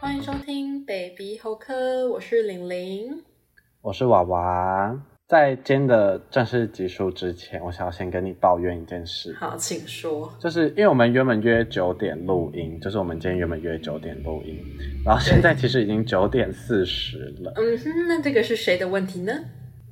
歡迎收聽《Baby 猴科》，我是玲玲，我是娃娃。在今天的正式結束之前，我想要先跟你抱怨一件事。好，請說。就是因為我們原本約九點錄音，就是我們今天原本約九點錄音，然後現在其實已經九點四十了。 嗯哼，那這個是誰的問題呢？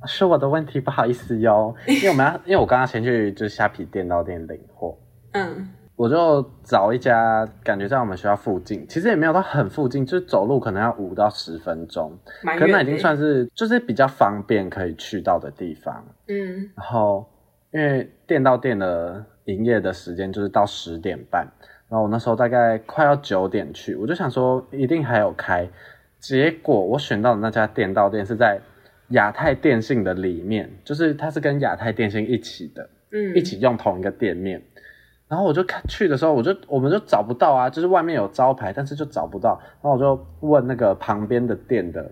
是我的問題，不好意思喲。因為我們要， 因為我剛剛先去就是蝦皮店到店領貨，嗯，我就找一家感覺在我們學校附近，其實也沒有到很附近，就是走路可能要五到十分鐘，可能已經算是就是比較方便可以去到的地方，嗯。然後因為店到店的營業的時間就是到十點半，然後我那時候大概快要九點去，我就想說一定還有開，結果我選到的那家店到店是在。亞太電信的裡面，就是它是跟亞太電信一起的，嗯，一起用同一個店面。然後我就看去的時候，我就我們就找不到啊，就是外面有招牌，但是就找不到。然後我就問那個旁邊的店的，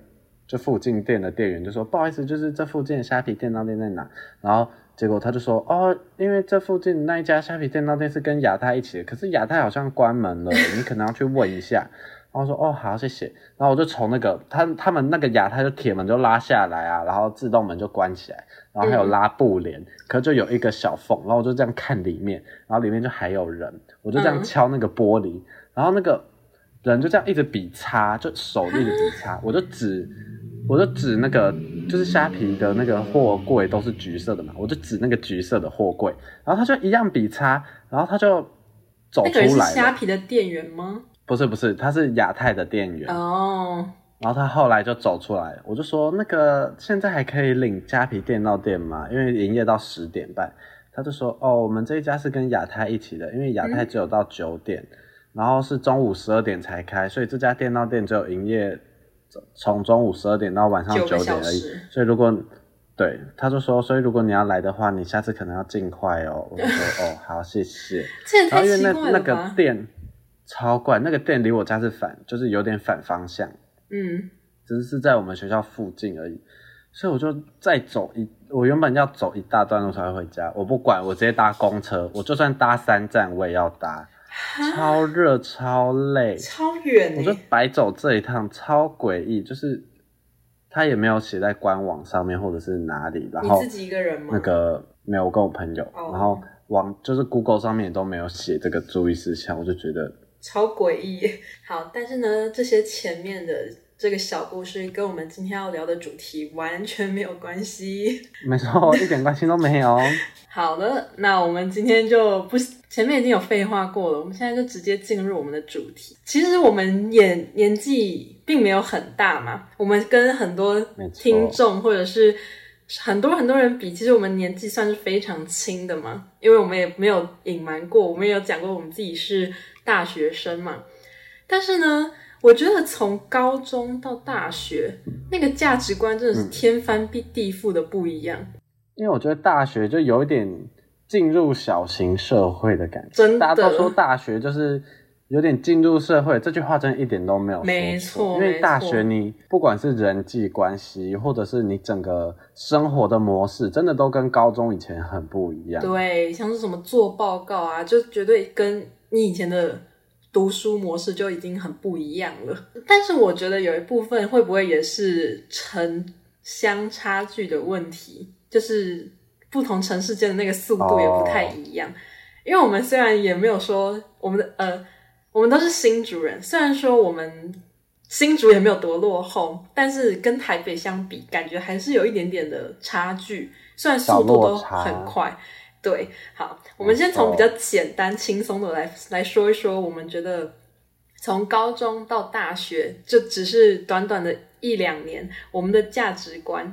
就附近店的店員，就說不好意思，就是這附近的蝦皮電腦店在哪？然後結果他就說，哦，因為這附近那一家蝦皮電腦店是跟亞太一起的，可是亞太好像關門了，你可能要去問一下。 我說，哦好，謝謝。然後我就從那個他他們那個陽台的鐵門就拉下來啊，然後自動門就關起來，然後還有拉布簾，嗯、可是就有一個小縫，然後我就這樣看裡面，然後裡面就還有人，我就這樣敲那個玻璃，嗯、然後那個人就這樣一直比叉，就手一直比叉，我就指我就指那個就是蝦皮的那個貨櫃都是橘色的嘛，我就指那個橘色的貨櫃，然後他就一樣比叉，然後他就走出來，那個人是蝦皮的店員嗎？不是不是，他是亞太的店員哦，oh. 然後他後來就走出來，我就說，那個現在還可以領加皮電腦店嗎？因為營業到十點半，嗯、他就說哦，我們這一家是跟亞太一起的，因為亞太只有到九點，嗯，然後是中午十二點才開，所以這家電腦店只有營業從中午十二點到晚上九點而已，所以如果對他就說，所以如果你要來的話，你下次可能要盡快哦。我就說 哦好，謝謝。然後因為那那個店。超怪，那個店離我家是反，就是有點反方向。嗯，只是在我們學校附近而已，所以我就再走一，我原本要走一大段路才會回家。我不管，我直接搭公車，我就算搭三站我也要搭。超熱，超累，超遠、欸，我就白走這一趟，超詭異。就是他也沒有寫在官網上面，或者是哪裡。然後你自己一個人嗎？那個沒有，我跟我朋友。哦、然後網就是 Google 上面也都沒有寫這個注意事項，我就覺得。超詭異，好，但是呢，這些前面的這個小故事跟我們今天要聊的主題完全沒有關係。沒錯，一點關係都沒有。 好的，那我們今天就不，前面已經有廢話過了，我們現在就直接進入我們的主題。其實我們也年紀並沒有很大嘛，我們跟很多聽眾或者是。很多很多人比，其實我們年紀算是非常輕的嘛，因為我們也沒有隱瞞過，我們也有講過我們自己是大學生嘛。但是呢，我覺得從高中到大學，那個價值觀真的是天翻地地覆的不一樣。因為我覺得大學就有一點進入小型社會的感覺，真的大家都說大學就是。有點進入社會，這句話真的一點都沒有說沒錯。因為大學你，你不管是人際關係，或者是你整個生活的模式，真的都跟高中以前很不一樣。對，像是什麼做報告啊，就絕對跟你以前的讀書模式就已經很不一樣了。但是我覺得有一部分會不會也是城鄉差距的問題？就是不同城市間的那個速度也不太一樣。Oh. 因為我們雖然也沒有說我們的呃。我們都是新族人新竹，雖然說我們新竹也沒有多落後，但是跟台北相比，感覺還是有一點點的差距。雖然速度都很快，對。好，我們先從比較簡單輕鬆的來來說一說，我們覺得從高中到大學就只是短短的一兩年，我們的價值觀，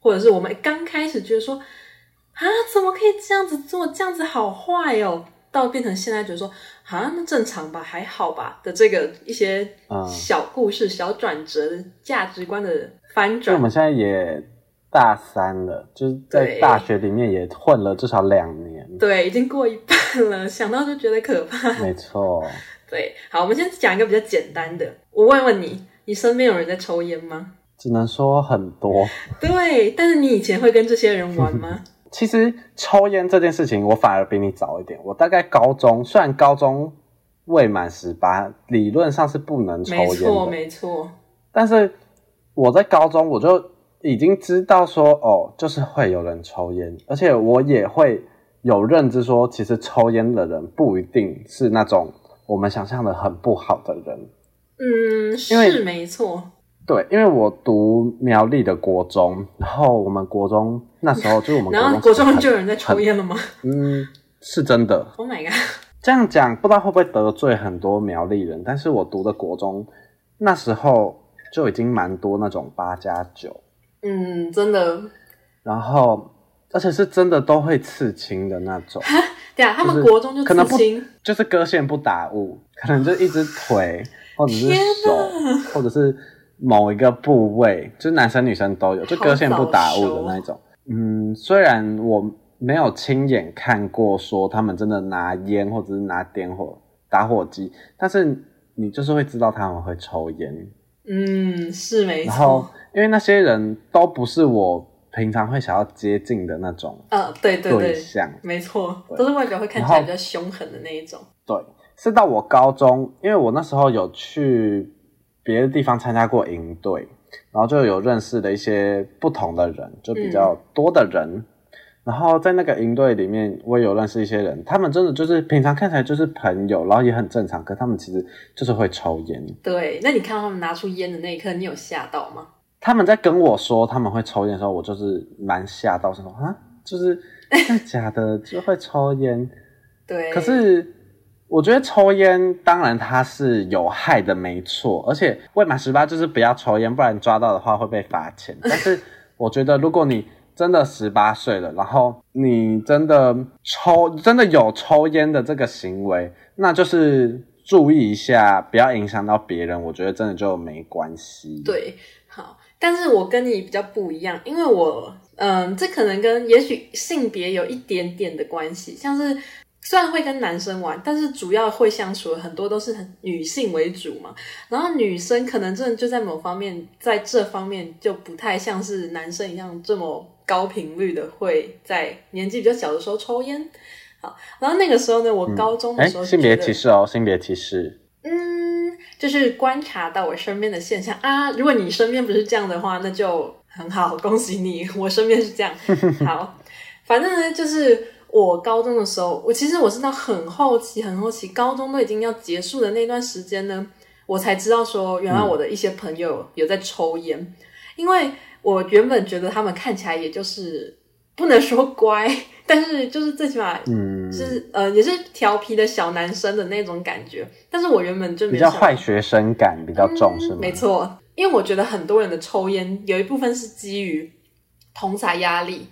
或者是我們剛開始覺得說啊，怎麼可以這樣子做，這樣子好壞哦，到變成現在，覺得說好、啊、那正常吧，還好吧的這個一些小故事、嗯、小轉折的、價值觀的翻轉。那我們現在也大三了，就是在大學裡面也混了至少兩年。對，已經過一半了，想到就覺得可怕。沒錯。對，好，我們先講一個比較簡單的。我問問你，你身邊有人在抽煙嗎？只能說很多。對，但是你以前會跟這些人玩嗎？ 其實抽煙這件事情，我反而比你早一點。我大概高中，雖然高中未滿十八，理論上是不能抽煙的。沒錯，沒錯。但是我在高中，我就已經知道說，哦，就是會有人抽煙，而且我也會有認知說，其實抽煙的人不一定是那種我們想象的很不好的人。嗯，是沒錯。對，因為我讀苗栗的國中，然後我們國中那時候就我們國中很很，國中就有人在抽煙了嗎？嗯，是真的。Oh my god！這樣講不知道會不會得罪很多苗栗人，但是我讀的國中那時候就已經蠻多那種八加九，嗯，真的。然後而且是真的都會刺青的那種。對啊，他們國中就刺青，可能不就是割線不打霧，可能就一隻腿或者是手或者是。某一個部位，就男生女生都有，就割線不打霧的那一種。嗯，雖然我沒有親眼看過，說他們真的拿煙或者是拿點火打火機，但是你就是會知道他們會抽煙。嗯，是沒錯。然後，因為那些人都不是我平常會想要接近的那種。嗯、啊，對對對，對象沒錯，都是外表會看起來比較凶狠的那一種。對，是到我高中，因為我那時候有去。別的地方參加過營隊，然後就有認識的一些不同的人，就比較多的人。嗯、然後在那個營隊裡面，我也有認識一些人，他們真的就是平常看起來就是朋友，然後也很正常。可他們其實就是會抽菸。對，那你看到他們拿出菸的那一刻，你有嚇到嗎？他們在跟我說他們會抽菸的時候，我就是蠻嚇到，是說啊，就是假的， 就會抽菸。對，可是。我覺得抽菸當然它是有害的，沒錯。而且未滿十八就是不要抽菸，不然抓到的話會被罰錢。但是我覺得，如果你真的十八歲了， 然後你真的抽，真的有抽菸的這個行為，那就是注意一下，不要影響到別人。我覺得真的就沒關係。對，好。但是我跟你比較不一樣，因為我嗯、呃，這可能跟也許性別有一點點的關係，像是。雖然會跟男生玩，但是主要會相處的很多都是女性為主嘛。然後女生可能真的就在某方面，在這方面就不太像是男生一樣這麼高頻率的會在年紀比較小的時候抽菸。好，然後那個時候呢，我高中的時候、嗯、性別歧視哦，性別歧視。嗯，就是觀察到我身邊的現象啊。如果你身邊不是這樣的話，那就很好，恭喜你。我身邊是這樣。好，反正呢就是。我高中的時候，我其實我是到很後期、很後期，高中都已經要結束的那段時間呢，我才知道說，原來我的一些朋友有在抽煙、嗯。因為我原本覺得他們看起來也就是不能說乖，但是就是最起碼，嗯，是呃也是調皮的小男生的那種感覺。但是我原本就比較壞學生感比較重，嗯、是嗎沒錯。因為我覺得很多人的抽煙有一部分是基於同儕壓力。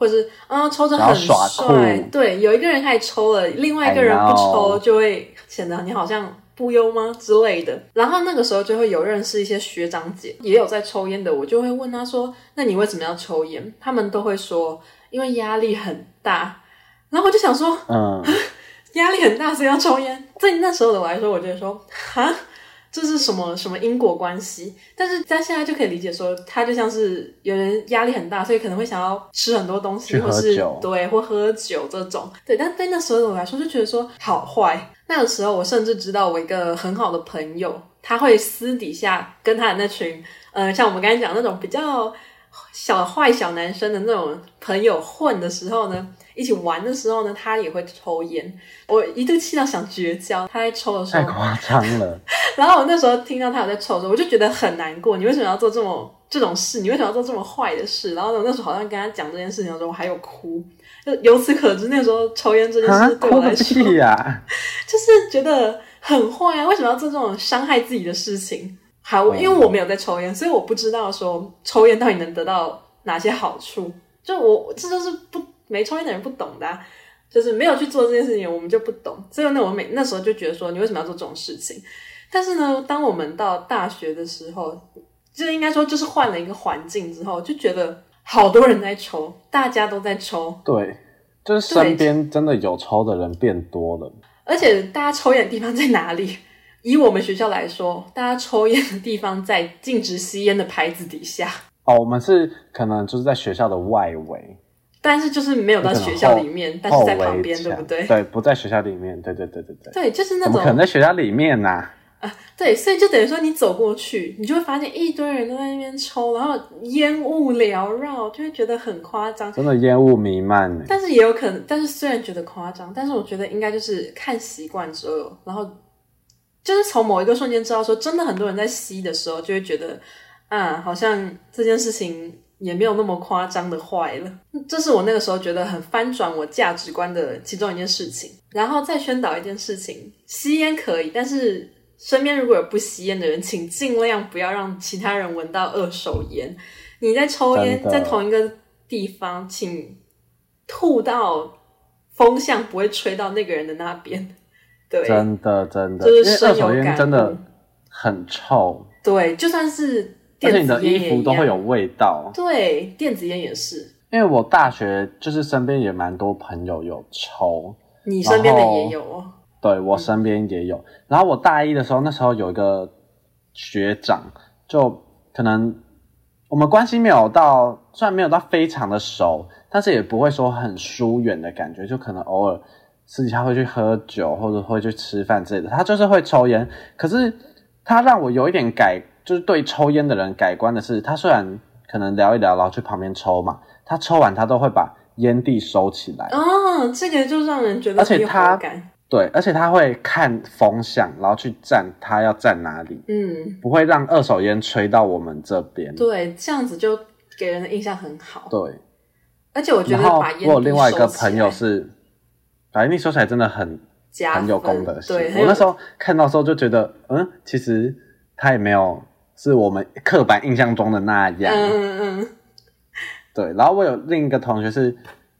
或者是，啊抽着很帥。對，有一個人開始抽了，另外一個人不抽，就會顯得你好像不優嗎之類的。然後那個時候就會有認識一些學長姐，也有在抽菸的，我就會問他說：“那你為什麼要抽菸？”他們都會說：“因為壓力很大。”然後我就想說：“嗯，壓力很大，所以要抽菸。”在那時候的我來說，我就會說：“哈。”這是什麼什麼因果關係？但是在現在就可以理解說，他就像是有人壓力很大，所以可能會想要吃很多東西，或是對，或喝酒這種。對，但對那時候的我來說，就覺得說好壞。那個時候，我甚至知道我一個很好的朋友，他會私底下跟他的那群，呃，像我們剛才講的那種比較小壞小男生的那種朋友混的時候呢。一起玩的時候呢，他也會抽菸。我一度氣到想絕交。他在抽的時候太誇張了。 然後我那時候聽到他有在抽的時候，我就覺得很難過。你為什麼要做這麼這種事？你為什麼要做這麼壞的事？然後呢，那時候好像跟他講這件事情的時候，我還有哭。就由此可知，那時候抽菸這件事、啊、對我來說，哭屁呀、啊， 就是覺得很壞啊。為什麼要做這種傷害自己的事情？還、哦、因為我沒有在抽菸，所以我不知道說抽菸到底能得到哪些好處。就我這就是不。沒抽煙的人不懂的、啊，就是沒有去做這件事情，我們就不懂。所以呢，我們那時候就覺得說，你為什麼要做這種事情？但是呢，當我們到大學的時候，就應該說就是換了一個環境之後，就覺得好多人在抽，大家都在抽，對，就是身邊真的有抽的人變多了。而且大家抽煙的地方在哪裡？以我們學校來說，大家抽煙的地方在禁止吸煙的牌子底下。哦，我們是可能就是在學校的外圍。但是就是沒有到學校裡面，但是在旁邊，對不對？對，不在學校裡面。對對對對對。對，就是那種。怎麼可能在學校裡面呢、啊？啊，對，所以就等於說你走過去，你就會發現一堆人都在那邊抽，然後煙霧繚繞，就會覺得很誇張。真的煙霧瀰漫。但是也有可能，但是雖然覺得誇張，但是我覺得應該就是看習慣之後，然後就是從某一個瞬間知道說，真的很多人在吸的時候，就會覺得啊，好像這件事情。也沒有那麼誇張的壞了，這是我那個時候覺得很翻轉我價值觀的其中一件事情。然後再宣導一件事情：吸煙可以，但是身邊如果有不吸煙的人，請盡量不要讓其他人聞到二手煙。你在抽煙，在同一個地方，請吐到風向不會吹到那個人的那邊。對，真的真的，就是有感，因為二手煙真的很臭。對，就算是。而且你的衣服都會有味道，對，電子菸也是。因為我大學就是身邊也蠻多朋友有抽，你身邊的也有。哦，對，我身邊也有。嗯。然後我大一的時候，那時候有一個學長，就可能我們關係沒有到，雖然沒有到非常的熟，但是也不會說很疏遠的感覺，就可能偶爾私底下會去喝酒或者會去吃飯之類的。他就是會抽菸，可是他讓我有一點改變。就是對抽煙的人改觀的是，他雖然可能聊一聊，聊，然後去旁邊抽嘛，他抽完他都會把煙蒂收起來。哦，這個就讓人覺得很有好感。而且他，對，而且他會看風向，然後去站他要站哪裡，嗯，不會讓二手煙吹到我們這邊。對，這樣子就給人的印象很好。對，而且我覺得把煙然後我另外一個朋友是，把煙蒂收起來真的很很有功德。對，我那時候看到時候就覺得，嗯，其實他也沒有。是我們刻板印象中的那樣，嗯嗯對。然後我有另一個同學是，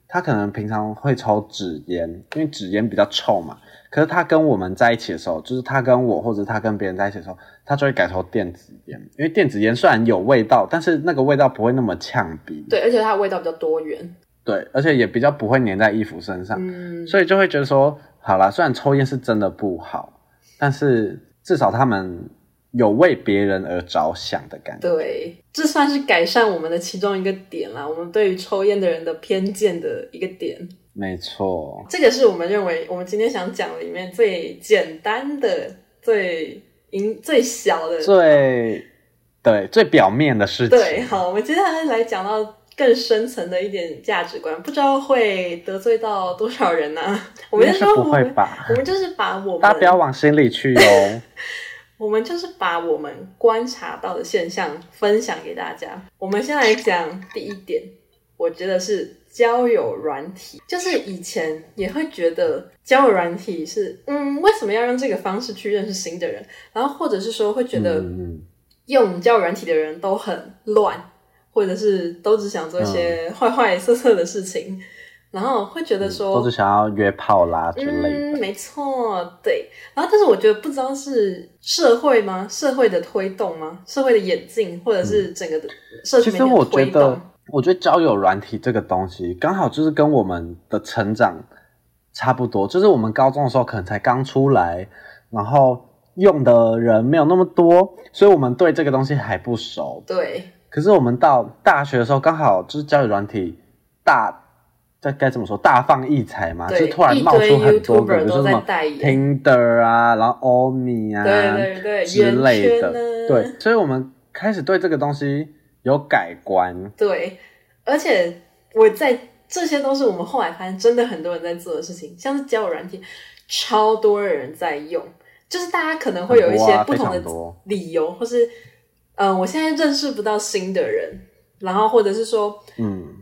他可能平常會抽紙菸，因為紙菸比較臭嘛。可是他跟我們在一起的時候，就是他跟我或者他跟別人在一起的時候，他就會改抽電子菸。因為電子菸雖然有味道，但是那個味道不會那麼嗆鼻。對，而且它的味道比較多元。對，而且也比較不會粘在衣服身上。嗯，所以就會覺得說，好啦，雖然抽菸是真的不好，但是至少他們。有為別人而着想的感覺，對，這算是改善我們的其中一個點啦，我們對於抽菸的人的偏見的一個點，沒錯。這個是我們認為我們今天想講的裡面最簡單的、最最小的、最、哦、對、最表面的事情。對，好，我們接下是來講到更深層的一點價值觀，不知道會得罪到多少人呢？、啊？我們說不會吧？我們就是把我們大家不要往心裡去哦。 我們就是把我們觀察到的現象分享給大家。我們先來講第一點，我覺得是交友軟體。就是以前也會覺得交友軟體是，嗯，為什麼要用這個方式去認識新的人？然後或者是說會覺得，用交友軟體的人都很亂，或者是都只想做一些壞壞色色的事情。然後會覺得說、嗯、都是想要約炮啦之類的、嗯，沒錯，對。然後但是我覺得不知道是社會嗎？社會的推動嗎？社會的演進或者是整個的社會、嗯、其實我覺得，我覺得交友軟體這個東西剛好就是跟我們的成長差不多，就是我們高中的時候可能才剛出來，然後用的人沒有那麼多，所以我們對這個東西還不熟。對。可是我們到大學的時候，剛好就是交友軟體大。在該怎麼說？大放異彩嘛，就是、突然冒出很多個都在代言，比如說什麼 Tinder 啊，然後 Omi 啊，對對對，之類的，對，所以我們開始對這個東西有改觀。對，而且我在這些都是我們後來發現，真的很多人在做的事情，像是交友軟件，超多人在用，就是大家可能會有一些不同的理由，啊、或是嗯、呃，我現在認識不到新的人，然後或者是說嗯。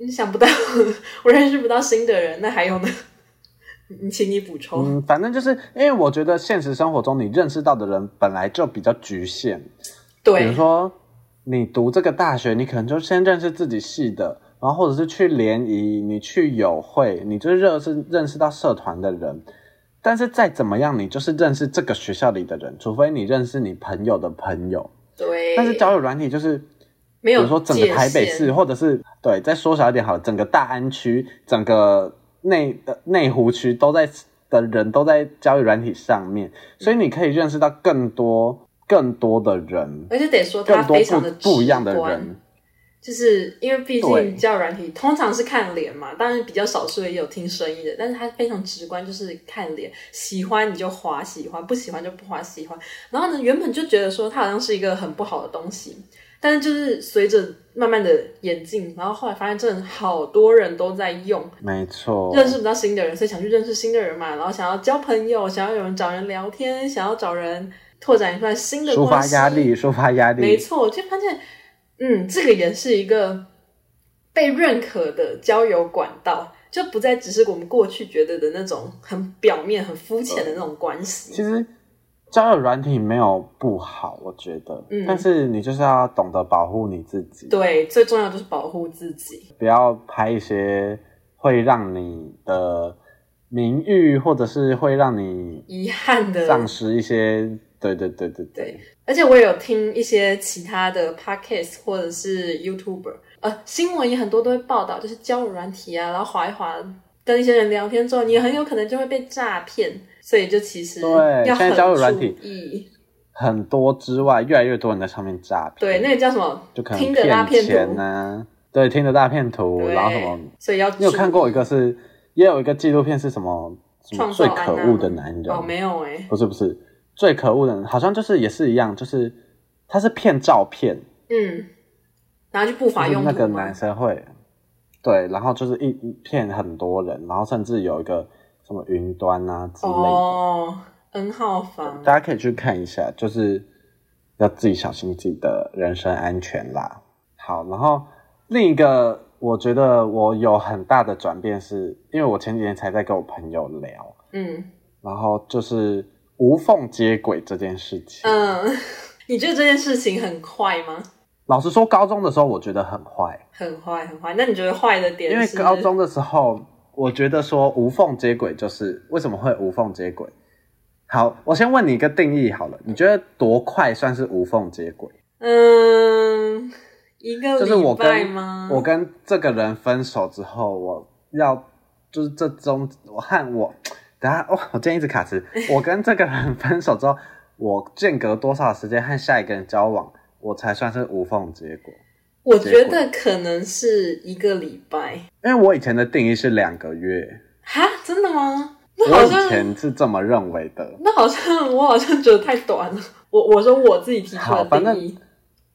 你想不到，我認識不到新的人，那還有呢？你請你補充。嗯，反正就是因為我覺得現實生活中你認識到的人本來就比較局限。對，比如說你讀這個大學，你可能就先認識自己系的，然後或者是去聯誼，你去友會，你就認識認識到社團的人。但是再怎麼樣，你就是認識這個學校裡的人，除非你認識你朋友的朋友。對，但是交友軟體就是。沒有比如說，整個台北市，或者是對，再縮小一點好了，整個大安區，整個內、呃、內湖區都在的人，都在交友軟體上面、嗯，所以你可以認識到更多更多的人，而且得說，更多不不一樣的人，就是因為畢竟交友軟體通常是看臉嘛，當然比較少數也有聽聲音的，但是他非常直觀，就是看臉，喜歡你就滑喜歡，不喜歡就不滑喜歡。然後呢，原本就覺得說，它好像是一個很不好的東西。但是，就是隨着慢慢的演進，然後後來發現，真的好多人都在用。沒錯，認識不到新的人，所以想去認識新的人嘛，然後想要交朋友，想要有人找人聊天，想要找人拓展一段新的關係，抒發壓力，抒發壓力。沒錯，就發現，嗯，這個也是一個被認可的交友管道，就不再只是我們過去覺得的那種很表面、很膚淺的那種關係。其實。交友軟體沒有不好，我覺得，嗯，但是你就是要懂得保護你自己。對，最重要的就是保護自己，不要拍一些會讓你的名譽，或者是會讓你遺憾的喪失一些。對對對對對。對，而且我也有聽一些其他的 podcast，或者是 YouTuber，呃，新聞也很多都會報道，就是交友軟體啊，然後滑一滑跟一些人聊天之後，你很有可能就會被詐騙。嗯。所以就其實對，現在交友軟體很,很多之外，越來越多人在上面詐騙。對，那個叫什麼？就可能騙錢、啊、聽大騙徒啊。對，聽着大騙徒，然後什麼？所以要你有看過一個是，也有一個紀錄片是什麼？什麼最可惡的男人哦，沒有誒、欸。不是不是，最可惡的人好像就是也是一樣，就是他是騙照片，嗯，然後就不法用、就是、那個男生會，對，然後就是一騙很多人，然後甚至有一個。什麼雲端啊之類的哦，N 號房，大家可以去看一下，就是要自己小心自己的人身安全啦。好，然後另一個我覺得我有很大的轉變，是因為我前幾天才在跟我朋友聊，嗯，然後就是無縫接軌這件事情。嗯，你覺得這件事情很快嗎？老實說，高中的時候我覺得很壞，很壞，很壞。那你覺得壞的點是？因為高中的時候。我覺得說無縫接軌就是為什麼會無縫接軌？好，我先問你一個定義好了，你覺得多快算是無縫接軌？嗯，一個、就是我跟，我跟這個人分手之後，我要，就是這種我和我，等一下哦，我今天一直卡詞 我跟這個人分手之後，我間隔多少時間和下一個人交往，我才算是無縫接軌？我覺得可能是一個禮拜，因為我以前的定義是兩個月。哈，真的嗎？那我以前是這麼認為的。那好像我好像覺得太短了。我我說我自己提好，反正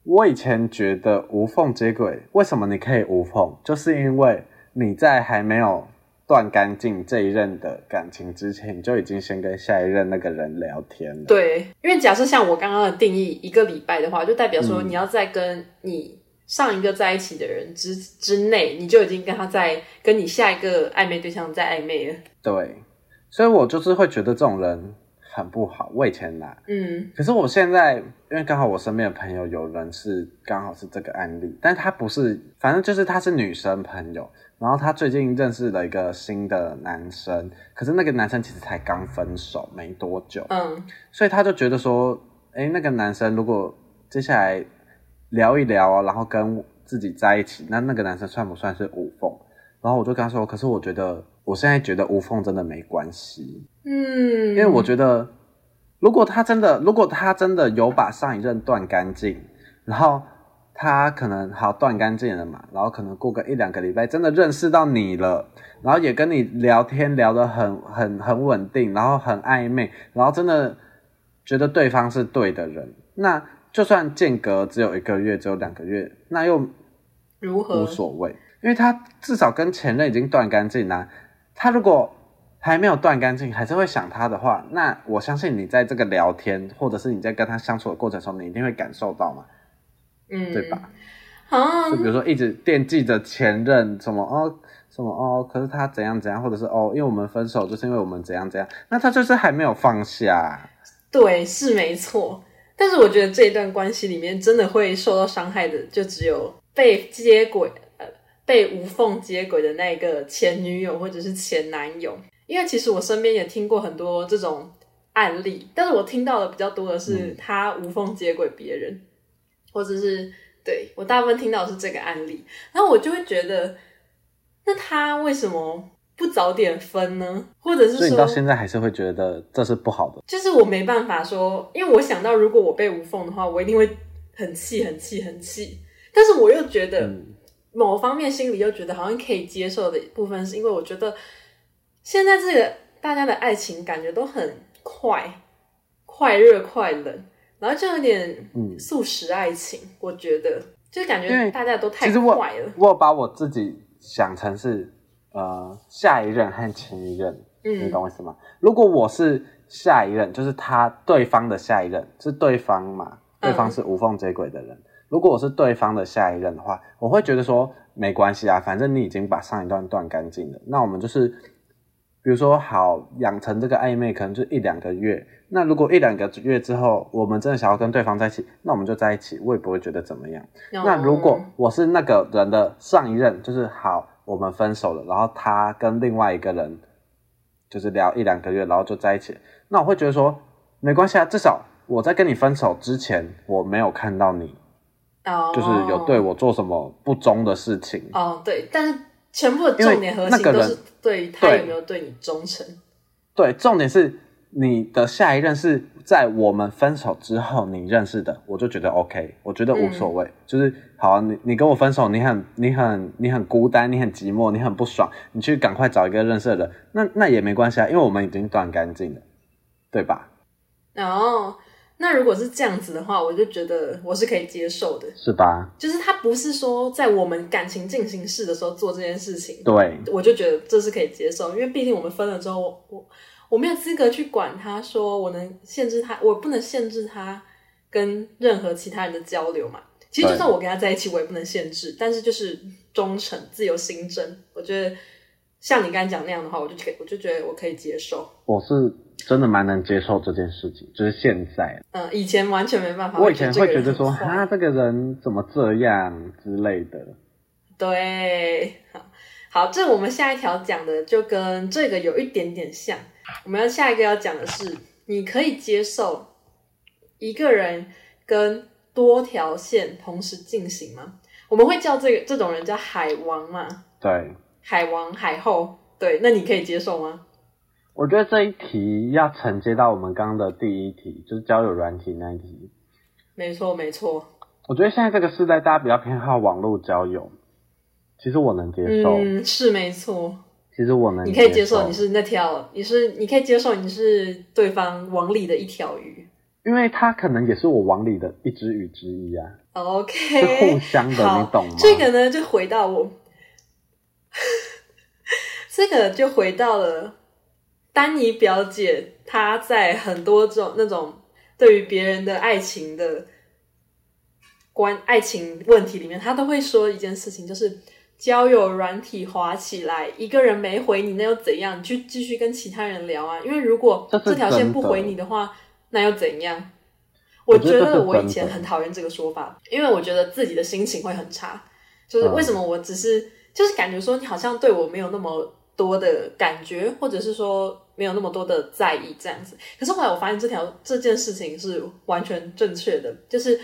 我以前覺得無縫接軌，為什麼你可以無縫？就是因為你在還沒有斷乾淨這一任的感情之前，你就已經先跟下一任那個人聊天了。對，因為假設像我剛剛的定義一個禮拜的話，就代表說你要再跟你、嗯。上一個在一起的人之之內，你就已經跟他在跟你下一個曖昧對象在曖昧了。對，所以我就是會覺得這種人很不好。我以前吶，嗯，可是我現在，因為剛好我身邊的朋友有人是剛好是這個案例，但他不是，反正就是他是女生朋友，然後他最近認識了一個新的男生，可是那個男生其實才剛分手沒多久，嗯，所以他就覺得說，哎、欸，那個男生如果接下來。聊一聊啊，然後跟自己在一起，那那個男生算不算是無縫？然後我就跟他說，可是我覺得我現在覺得無縫真的沒關係，嗯，因為我覺得如果他真的，如果他真的有把上一任斷乾淨，然後他可能好斷乾淨了嘛，然後可能過個一兩個禮拜，真的認識到你了，然後也跟你聊天聊得很很很穩定，然後很曖昧，然後真的覺得對方是對的人，那。就算間隔只有一個月，只有兩個月，那又如何？無所謂，因為他至少跟前任已經斷乾淨了。他如果還沒有斷乾淨，還是會想他的話，那我相信你在這個聊天，或者是你在跟他相處的過程中，你一定會感受到嘛，嗯，對吧？啊，就比如說一直惦記着前任，什麼哦，什麼哦，可是他怎樣怎樣，或者是哦，因為我們分手就是因為我們怎樣怎樣，那他就是還沒有放下。對，是沒錯。但是我覺得這一段關係裡面真的會受到傷害的，就只有被接軌呃，被無縫接軌的那個前女友或者是前男友，因為其實我身邊也聽過很多這種案例，但是我聽到的比較多的是他無縫接軌別人，嗯、或者是對，我大部分聽到的是這個案例，然後我就會覺得，那他為什麼？不早點分呢，或者是說，所以你到現在還是會覺得這是不好的。就是我沒辦法說，因為我想到如果我被無縫的話，我一定會很氣、很氣、很氣。但是我又覺得、嗯、某方面心裡又覺得好像可以接受的一部分，是因為我覺得現在這個大家的愛情感覺都很快、快熱、快冷，然後就有點嗯，速食愛情。嗯、我覺得就感覺大家都太快了。我，我把我自己想成是。呃，下一任和前一任、嗯，你懂我意思嗎？如果我是下一任，就是他對方的下一任，是對方嘛？對方是無縫接軌的人、嗯。如果我是對方的下一任的話，我會覺得說沒關係啊，反正你已經把上一段斷乾淨了。那我們就是，比如說好，養成這個曖昧可能就一兩個月。那如果一兩個月之後，我們真的想要跟對方在一起，那我們就在一起，我也不會覺得怎麼樣。嗯、那如果我是那個人的上一任，就是好。我們分手了，然後他跟另外一個人就是聊一兩個月，然後就在一起。那我會覺得說沒關係啊，至少我在跟你分手之前，我沒有看到你，oh. 就是有對我做什麼不忠的事情。哦、oh，對，但是全部的重點核心那個都是對於他有沒有對你忠誠。對，重點是。你的下一任是在我們分手之後你認識的，我就覺得 OK，我覺得無所謂、嗯，就是好啊。你你跟我分手，你很你很你很孤單，你很寂寞，你很不爽，你去趕快找一個認識的，那那也沒關係啊，因為我們已經斷乾淨了，對吧？哦，那如果是這樣子的話，我就覺得我是可以接受的，是吧？就是他不是說在我們感情進行式的時候做這件事情，對，我就覺得這是可以接受，因為畢竟我們分了之後，我。我我沒有資格去管他，說我能限制他，我不能限制他跟任何其他人的交流嘛。其實就算我跟他在一起，我也不能限制。但是就是忠誠、自由、心真，我覺得像你剛剛講那樣的話，我就可我就覺得我可以接受。我是真的蠻能接受這件事情，就是現在嗯，以前完全沒辦法。我以前會覺得說啊，這個，這個人怎麼這樣之類的。對，好，好，這我們下一條講的就跟這個有一點點像。我們要下一個要講的是，你可以接受一個人跟多條線同時進行嗎？我們會叫這個這種人叫海王嘛？對，海王、海後，對，那你可以接受嗎？我覺得這一題要承接到我們剛剛的第一題，就是交友軟體那一題。沒錯，沒錯。我覺得現在這個時代，大家比較偏好網絡交友，其實我能接受。嗯，是沒錯。其實我們，你可以接受你是那條，你是你可以接受你是對方網裡的一條魚，因為他可能也是我網裡的一隻魚之一啊。OK，是互相的，你懂嗎？這個呢，就回到我， 這個就回到了丹妮婊姐，她在很多種那種對於別人的愛情的關愛情問題裡面，她都會說一件事情，就是。交友軟體滑起來，一個人沒回你，那又怎樣？你去繼續跟其他人聊啊。因為如果這條線不回你的話，那又怎樣？我覺得我以前很討厭這個說法，因為我覺得自己的心情會很差。就是為什麼我只是，就是感覺說你好像對我沒有那麼多的感覺，或者是說沒有那麼多的在意這樣子。可是後來我發現這條這件事情是完全正確的。就是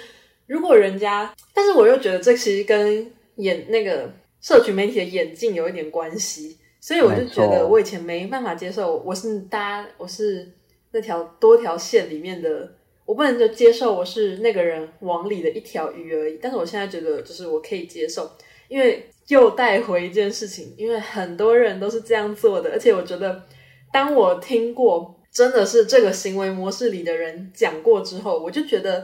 如果人家，但是我又覺得這其實跟演那個。社群媒體的演進，有一點關係，所以我就覺得我以前沒辦法接受，我是搭我是那條多條線裡面的，我不能就接受我是那個人網裡的一條魚而已。但是我現在覺得，就是我可以接受，因為又帶回一件事情，因為很多人都是這樣做的，而且我覺得當我聽過真的是這個行為模式裡的人講過之後，我就覺得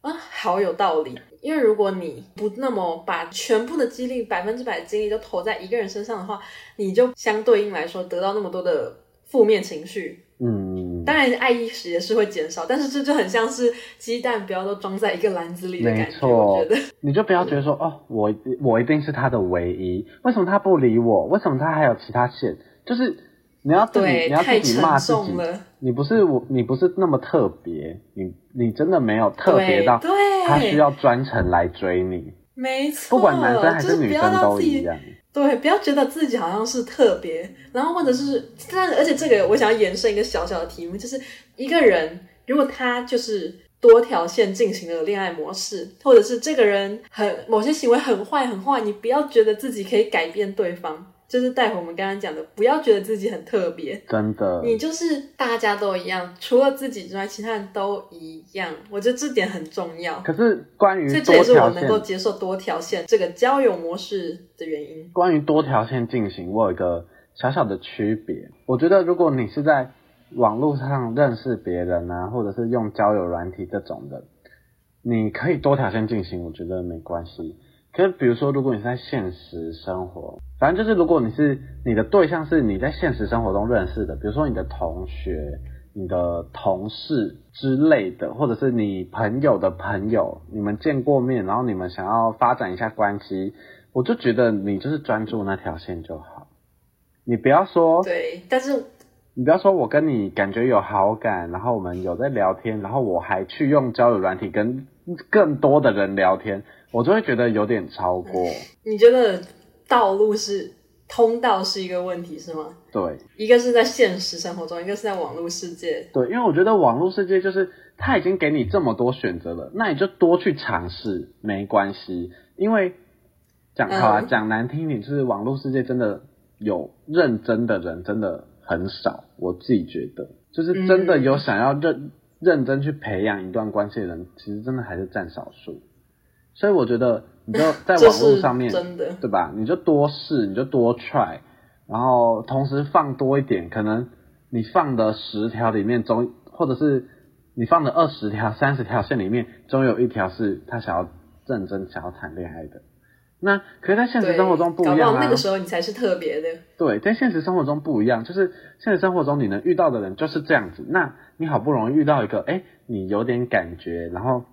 啊、嗯，好有道理。因為如果你不那麼把全部的精力，百分之百的精力都投在一個人身上的話，你就相對應來說得到那麼多的負面情緒。嗯，當然愛意識也是會減少，但是這就很像是雞蛋不要都裝在一個籃子裡的感覺。沒錯，我覺得你就不要覺得說哦，我我一定是他的唯一，為什麼他不理我？為什麼他還有其他線？就是。你要對，你要自己罵自己太重了。你不是我，你不是那麼特別。你你真的沒有特別到，他需要專程來追你。沒錯，不管男生還是女生都一樣，就是不要自己。對，不要覺得自己好像是特別，然後或者是，但而且這個我想要延伸一個小小的題目，就是一個人如果他就是多條線進行了戀愛模式，或者是這個人很某些行為很壞很壞，你不要覺得自己可以改變對方。就是帶回我們剛剛講的，不要覺得自己很特別，真的，你就是大家都一樣，除了自己之外，其他人都一樣。我覺得這點很重要。可是關於多條線，這也是我能夠接受多條線這個交友模式的原因。關於多條線進行，我有一個小小的區別。我覺得如果你是在網絡上認識別人啊，或者是用交友軟體這種的，你可以多條線進行，我覺得沒關係。可是比如說，如果你在現實生活，反正就是如果你是你的對象是你在現實生活中認識的，比如說你的同學、你的同事之類的，或者是你朋友的朋友，你們見過面，然後你們想要發展一下關係，我就覺得你就是專注那條線就好，你不要說對，但是你不要說我跟你感覺有好感，然後我們有在聊天，然後我還去用交友軟體跟更多的人聊天。我就會覺得有點超過。嗯、你覺得道路是通道是一個問題是嗎？對，一個是在現實生活中，一個是在網絡世界。對，因為我覺得網絡世界就是他已經給你這麼多選擇了，那你就多去嘗試沒關係。因為講好啊，講難聽一點，就是網絡世界真的有認真的人真的很少。我自己覺得，就是真的有想要認認真去培養一段關係的人，嗯、其實真的還是佔少數。所以我覺得，你就在網絡上面，真的，對吧？你就多試，你就多 try，然後同時放多一點，可能你放的十條裡面總，或者是你放的二十條、三十條線裡面，總有一條是他想要認真、想要談戀愛的。那可是，在現實生活中不一樣啊。那，那個時候你才是特別的。對，在現實生活中不一樣，就是現實生活中你能遇到的人就是這樣子。那你好不容易遇到一個，哎，你有點感覺，然後。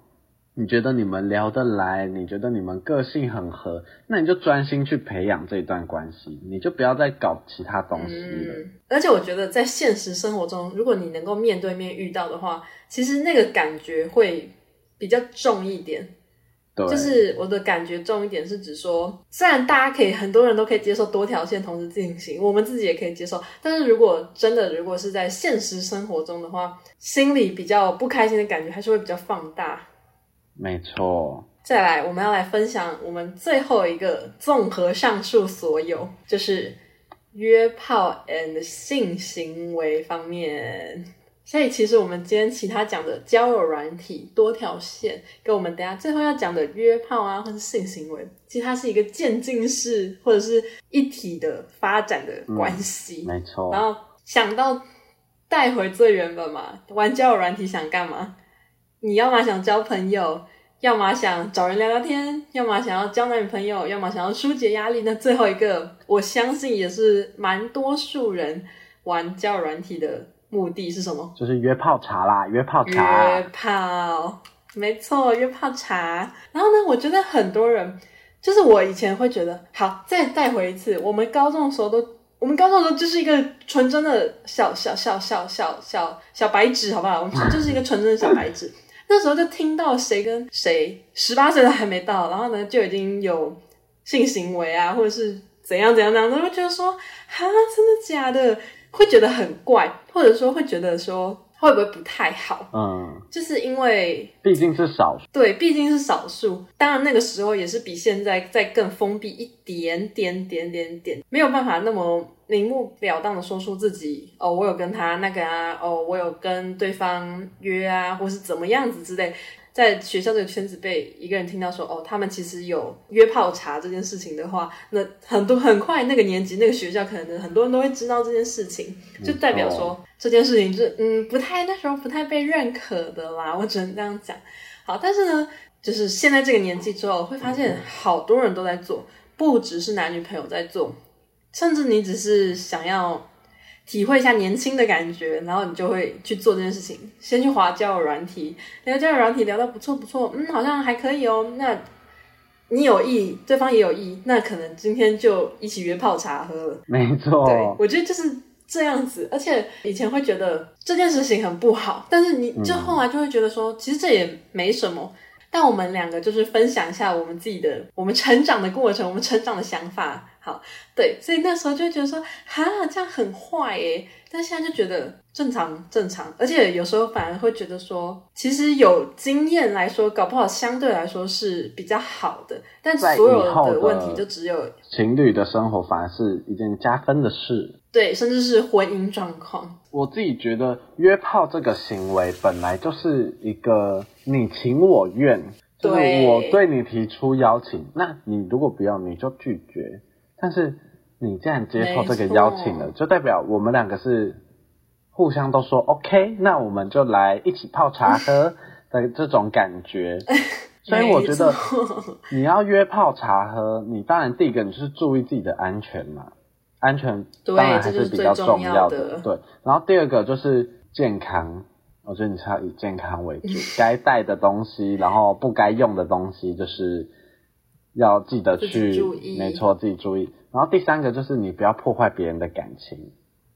你覺得你們聊得來，你覺得你們個性很合，那你就專心去培養這一段關係，你就不要再搞其他東西了。嗯，而且我覺得在現實生活中，如果你能夠面對面遇到的話，其實那個感覺會比較重一點。對，就是我的感覺重一點是指說，雖然大家可以很多人都可以接受多條線同時進行，我們自己也可以接受，但是如果真的如果是在現實生活中的話，心裡比較不開心的感覺還是會比較放大。沒錯，再來，我們要來分享我們最後一個綜合上述所有，就是約炮 and 性行為方面。所以其實我們今天其他講的交友軟體多條線，跟我們等下最後要講的約炮啊，或是性行為，其實它是一個漸進式或者是一體的發展的關係。嗯，沒錯，然後想到帶回最原本嘛，玩交友軟體想幹嘛？你要麼想交朋友，要麼想找人聊聊天，要麼想要交男女朋友，要麼想要疏解壓力。那最後一個，我相信也是蠻多數人玩交友軟件的目的是什麼？就是約泡茶啦，約泡茶啊。約泡，沒錯，約泡茶。然後呢，我覺得很多人，就是我以前會覺得，好，再帶回一次，我們高中的時候都，我們高中的時候就是一個純真的小小小小小小小，小，小，小白紙，好不好？我們就是一個純真的小白紙。 那時候就聽到誰跟誰，十八歲都還沒到，然後呢就已經有性行為啊，或者是怎樣怎樣怎樣，都會覺得說，哈，真的假的？會覺得很怪，或者說會覺得說。會不會不太好？嗯，就是因為畢竟是少數，對，畢竟是少數。當然那個時候也是比現在再更封閉一點點點點點，沒有辦法那麼明目了當的說出自己哦，我有跟他那個啊，哦，我有跟對方約啊，或是怎麼樣子之類。在學校這個圈子被一個人聽到說哦，他們其實有約泡茶這件事情的話，那很多很快那個年級那個學校可能很多人都會知道這件事情，就代表說這件事情就嗯不太那時候不太被認可的啦，我只能這樣講。好，但是呢，就是現在這個年紀之後會發現好多人都在做，不只是男女朋友在做，甚至你只是想要。體會一下年輕的感覺，然後你就會去做這件事情。先去滑交友軟體，聊交友軟體聊得不錯不錯，嗯，好像還可以哦。那你有意，對方也有意，那可能今天就一起約泡茶喝了。沒錯，對，我覺得就是這樣子。而且以前會覺得這件事情很不好，但是你就後來就會覺得說、嗯，其實這也沒什麼。但我們兩個就是分享一下我們自己的，我們成長的過程，我們成長的想法。對，所以那時候就會覺得說，哈，這樣很壞耶。但現在就覺得正常正常，而且有時候反而會覺得說，其實有經驗來說，搞不好相對來說是比較好的。但所有的問題就只有情侶的生活，反而是一件加分的事。對，甚至是婚姻狀況。我自己覺得約炮這個行為本來就是一個你情我願，對、就是、我對你提出邀請，那你如果不要，你就拒絕。但是你既然接受這個邀請了，就代表我們兩個是互相都說 OK，那我們就來一起泡茶喝的這種感覺。所以我覺得你要約泡茶喝，你當然第一個你就是注意自己的安全嘛，安全當然還是比較重要的，這就是最重要的。對，然後第二個就是健康，我覺得你是要以健康為主，該帶的東西，然後不該用的東西就是。要記得去，沒錯，自己注意。然後第三個就是你不要破壞別人的感情，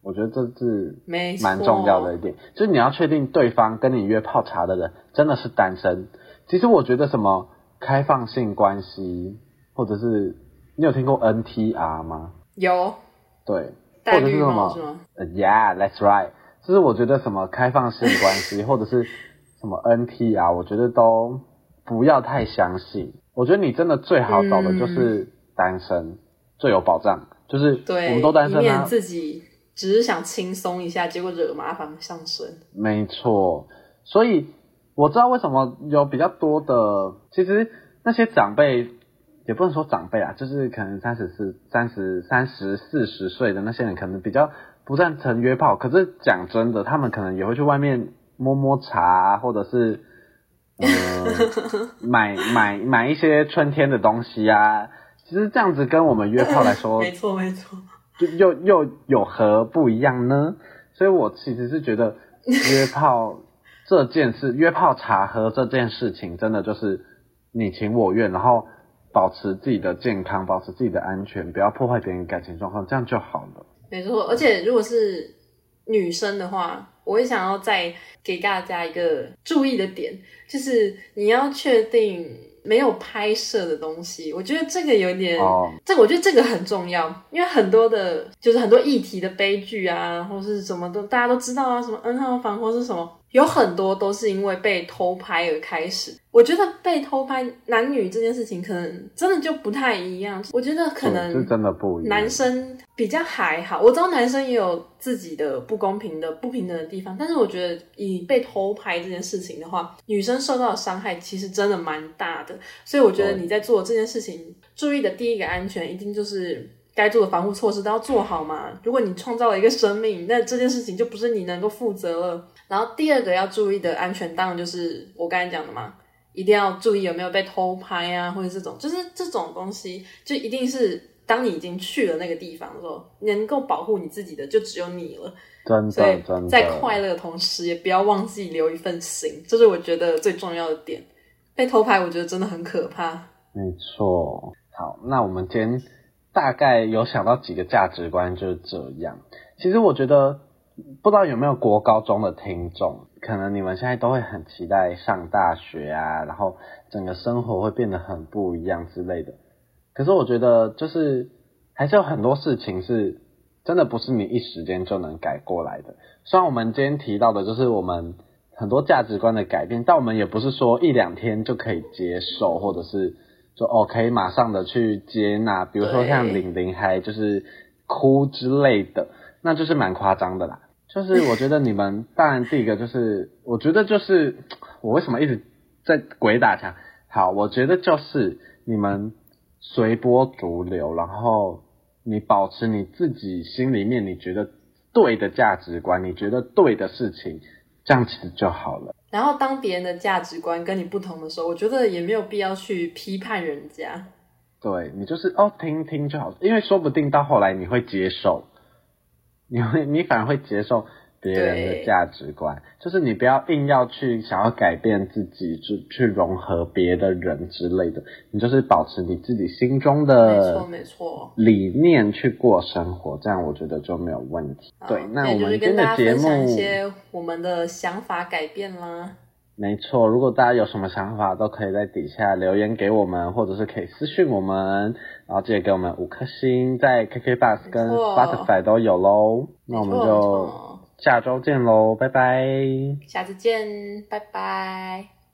我覺得這是沒，蠻重要的一點。就是你要確定對方跟你約泡茶的人真的是單身。其實我覺得什麼開放性關係，或者是你有聽過 NTR 嗎？有。對，或者是什麼？呃，Yeah，that's right。就是我覺得什麼開放性關係或者是什麼 NTR，我覺得都不要太相信。我覺得你真的最好找的就是單身，嗯，最有保障。就是我們都單身啊，對，自己只是想輕鬆一下，結果惹麻煩上身。沒錯，所以我知道為什麼有比較多的，其實那些長輩也不能說長輩啊，就是可能三十四、三十三、十四十歲的那些人，可能比較不贊成約炮。可是講真的，他們可能也會去外面摸摸茶啊，或者是。 買買買一些春天的東西啊！其實這樣子跟我們約炮來說， 沒錯沒錯，就又又有何不一樣呢？所以，我其實是覺得約炮這件事， 約泡茶喝這件事情，真的就是你情我願，然後保持自己的健康，保持自己的安全，不要破壞別人感情狀況，這樣就好了。沒錯，而且如果是女生的話。我也想要再給大家一個注意的點，就是你要確定。沒有拍攝的東西，我覺得這個有點，哦、這個我覺得這個很重要，因為很多的，就是很多議題的悲劇啊，或是什麼都大家都知道啊，什麼 N 號房或是什麼，有很多都是因為被偷拍而開始。我覺得被偷拍男女這件事情，可能真的就不太一樣。我覺得可能是真的不一樣，男生比較還好。我知道男生也有自己的不公平的不平等的地方，但是我覺得以被偷拍這件事情的話，女生受到的傷害其實真的蠻大的。所以我覺得你在做這件事情，注意的第一個安全，一定就是該做的防護措施都要做好嘛。如果你創造了一個生命，那這件事情就不是你能夠負責了。然後第二個要注意的安全，當然就是我剛才講的嘛，一定要注意有沒有被偷拍啊，或者這種，就是這種東西，就一定是當你已經去了那個地方的時候，能夠保護你自己的就只有你了。所以在快樂的同時，也不要忘記留一份心，這是我覺得最重要的點。被偷拍，我覺得真的很可怕。沒錯，好，那我們今天大概有想到幾個價值觀就是這樣。其實我覺得，不知道有沒有國高中的聽眾，可能你們現在都會很期待上大學啊，然後整個生活會變得很不一樣之類的。可是我覺得，就是還是有很多事情是真的不是你一時間就能改過來的。雖然我們今天提到的，就是我們。很多價值觀的改變，但我們也不是說一兩天就可以接受，或者是說哦可以馬上的去接納，比如說像林林還就是哭之類的，那就是蠻誇張的啦。就是我覺得你們，當然第一個就是，我覺得就是我為什麼一直在鬼打牆？好，我覺得就是你們隨波逐流，然後你保持你自己心裡面你覺得對的價值觀，你覺得對的事情。這樣子就好了。然後當別人的價值觀跟你不同的時候，我覺得也沒有必要去批判人家。對，你就是，哦，聽聽就好，因為說不定到後來你會接受，你會你反而會接受。別人的價值觀，就是你不要硬要去想要改變自己，就去融合別的人之類的。你就是保持你自己心中的理念去過生活，這樣我覺得就沒有問題。對，那我們、就是、跟今天的節目，我們的想法改變啦。沒錯，如果大家有什麼想法，都可以在底下留言給我們，或者是可以私訊我們，然後記得給我們五顆星，在 KKBox 跟 Spotify 都有嘍。那我們就。下週見嘍，拜拜。下次見，拜拜。